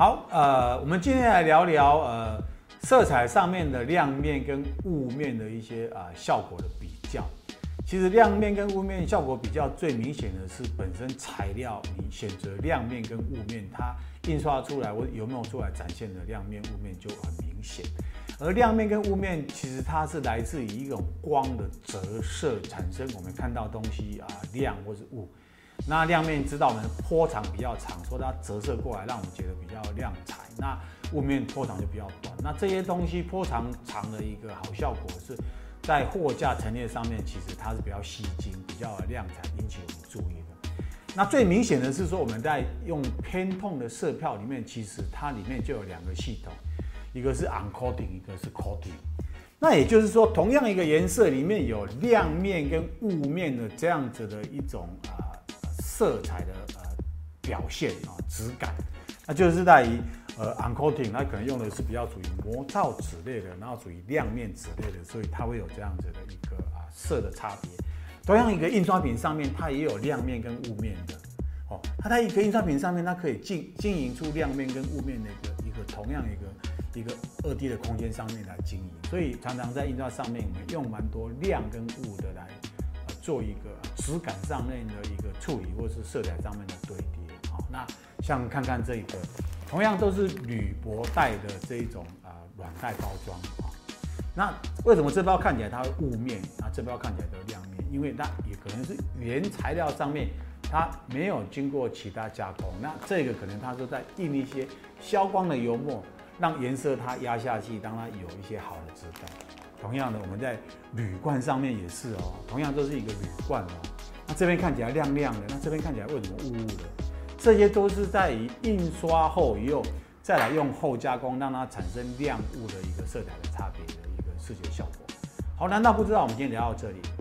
好，呃，我們今天來聊聊，呃，色彩上面的亮面跟霧面的一些啊、呃、效果的比較。其實亮面跟霧面效果比較最明顯的是本身材料，你選擇亮面跟霧面，它印刷出來，我有沒有出來展現的亮面霧面就很明顯。而亮面跟霧面其實它是來自於一種光的折射產生，我們看到東西啊亮或是霧。那亮面知道我們波長比較長，所以它折射過來，讓我們覺得比較亮彩。那霧面波長就比較短。那這些東西波長長的一個好效果是，在貨架陳列上面，其實它是比較吸睛、比較有亮彩，引起我們注意的。那最明顯的是說，我們在用 Pantone 的色票裡面，其實它裡面就有兩個系統，一個是 uncoating，一個是 coating。那也就是說，同樣一個顏色裡面有亮面跟霧面的這樣子的一種啊。色彩的呃表現啊，質感，那就是在於呃 uncoating，它可能用的是比較屬於模造紙類的，然後屬於亮面紙類的，所以它會有這樣子的一個啊色的差別。同樣一個印刷品上面，它也有亮面跟霧面的，哦，它在一個印刷品上面，它可以經經營出亮面跟霧面的一個一個同樣一個一個二 D 的空間上面來經營，所以常常在印刷上面我們用蠻多亮跟霧的來做一個。質感上面的一個處理，或是色彩上面的堆疊，好，那像看看這一個，同樣都是鋁箔袋的這一種啊軟袋包裝，那為什麼這包看起來它會霧面，那這包看起來就亮面？因為它也可能是原材料上面它沒有經過其他加工，那這個可能它是在印一些消光的油墨，讓顏色它壓下去，讓它有一些好的質感。同樣的，我們在鋁罐上面也是哦，同樣都是一個鋁罐哦。那這邊看起來亮亮的，那這邊看起來為什麼霧霧的？這些都是在於印刷後又再來用後加工，讓它產生亮霧的一個色彩的差別的一個視覺效果。好，南道不知道我們今天聊到這裡。